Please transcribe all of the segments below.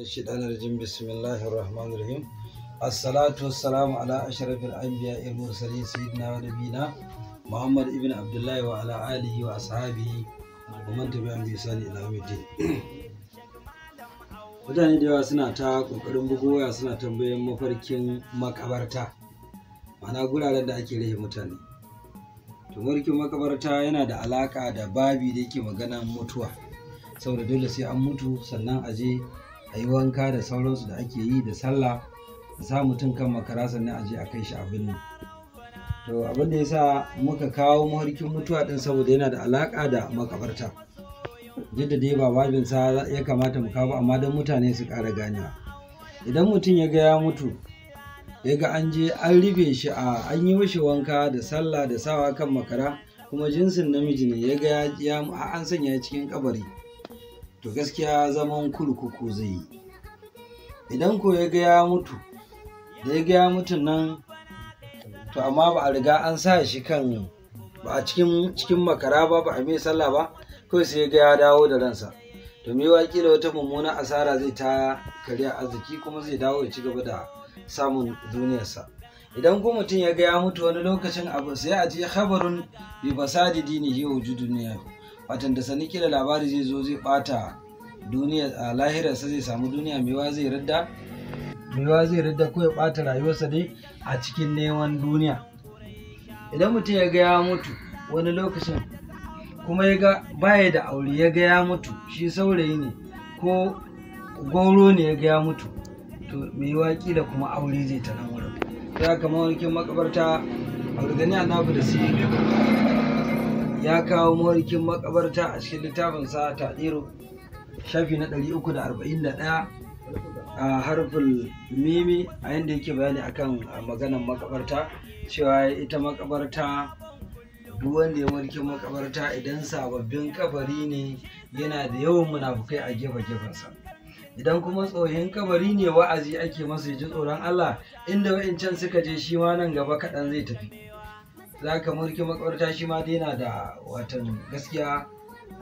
الشيطان الرجيم بسم الله الرحمن الرحيم الصلاة والسلام على أشرف الأنبياء المرسلين سيدنا ونبينا mutane da yawa suna ta kokarin bugowa suna tambayan mafarkin makabarta mana guraren da ake rahe mutane to mafarkin makabarta yana da alaka da babi da yake maganan mutuwa saboda dole sai an mutu sannan aje. a yi wanka da sauransu da ake yi da sallah da sa mutum kan makara sannan a je a kai shi abin nan to abin da ya sa muka kawo maharkin mutuwa din saboda yana da alaƙa da makabarta duk da dai ba wajen sa ya kamata mu kawo amma don mutane su ƙara ganewa idan mutum ya ga ya mutu ya ga an je an rufe shi a an yi mishi wanka da sallah da sawa kan makara kuma jinsin namiji ne ya ga ya an sanya cikin kabari to gaskiya zaman kurkuku zai yi idan ko ya ga mutu da ya ga mutu nan to amma ba a riga an sa shi kan ba a cikin makara ba ba a mai sallah ba kawai sai ya gaya dawo da ransa to me wa kila wata mummunan asara zai ta a arziki kuma zai dawo ya ci gaba da samun duniyarsa idan ko mutum ya ga mutu wani lokacin abu sai a ji khabarun bi basadi dinihi wa wujudu watan da sani kila labari zai zo zai bata duniya a lahirarsa zai samu duniya mewa zai radda mewa zai radda ko ya bata rayuwarsa dai a cikin neman duniya idan mutum ya ga mutu wani lokacin kuma ya ga baya da aure ya gaya mutu shi saurayi ne ko goro ne ya gaya mutu to mai waƙi kila kuma aure zai ta nan wurin ya kamar wankin makabarta a na naku da su ya kawo mawarkin makabarta a cikin littafin sa ta tsiro shafi na 341 a harfin mimi a yadda yake bayani akan maganan makabarta cewa ita makabarta duk wanda ya mulkin makabarta idan sababbin kabari ne yana da yawan munafukai a gefe gefensa idan kuma tsohin kabari ne wa'azi ake masa ji tsoron Allah inda wa'incan suka je shi ma nan gaba kaɗan zai tafi za ka mulki makabarta shi ma daina da watan gaskiya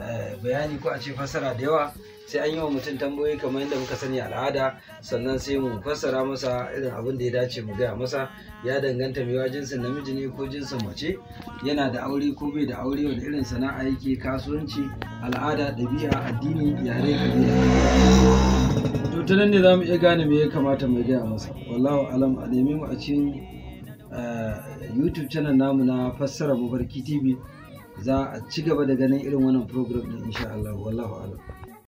eh, bayani ko a ce fasara da yawa sai an yi wa mutum tambayoyi kamar yadda muka sani al'ada sannan sai mu fassara masa irin abin da ya dace mu gaya masa ya danganta mai wa jinsin namiji ne ko jinsin mace yana da aure ko bai da aure wani irin sana'a yake kasuwanci al'ada ɗabi'a addini yare kabila to ta ne za mu iya gane me ya kamata mu gaya masa wallahu alam a nemi mu a cikin Eh, youtube channel namu na fassara mafarki tv za a ci gaba da ganin irin wannan program din insha Allah wallahu alam